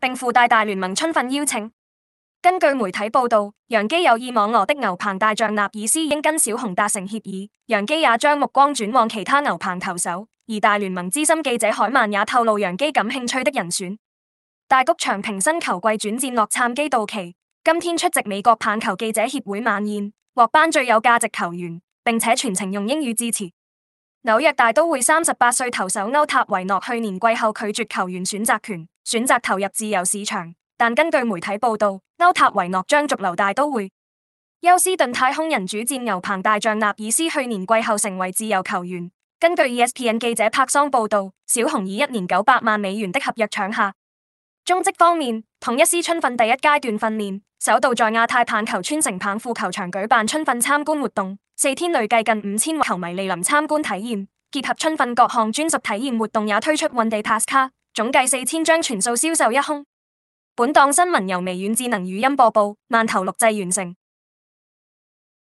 並附帶大，大聯盟春訓邀請。根據媒體報道，楊基有意網羅的牛棚大將納爾斯已經跟小熊達成協議。楊基也將目光轉往其他牛棚投手。而大聯盟資深記者海曼也透露楊基感興趣的人選。大谷翔平新球季轉戰洛杉磯道奇，今天出席美國棒球記者協會晚宴，獲頒最有價值球員，並且全程用英語致辭。紐約大都會三十八歲投手歐塔維諾去年季後拒絕球員選擇權，選擇投入自由市場。但根據媒體報道，歐塔維諾將續留大都會。休斯頓太空人主戰牛棚大將納爾斯去年季後成為自由球員。根據 ESPN 記者帕桑報道，小熊以一年九百萬美元的合約搶下。中職方面。同一獅春訓第一階段訓練，首度在亞太棒球村成棒副球場舉辦春訓參觀活動，四天累計近五千位球迷蒞臨參觀體驗，結合春訓各項專屬體驗活動也推出運地 pass 卡，總計四千張全數銷售一空。本檔新聞由微軟智能語音播報，慢頭錄製完成。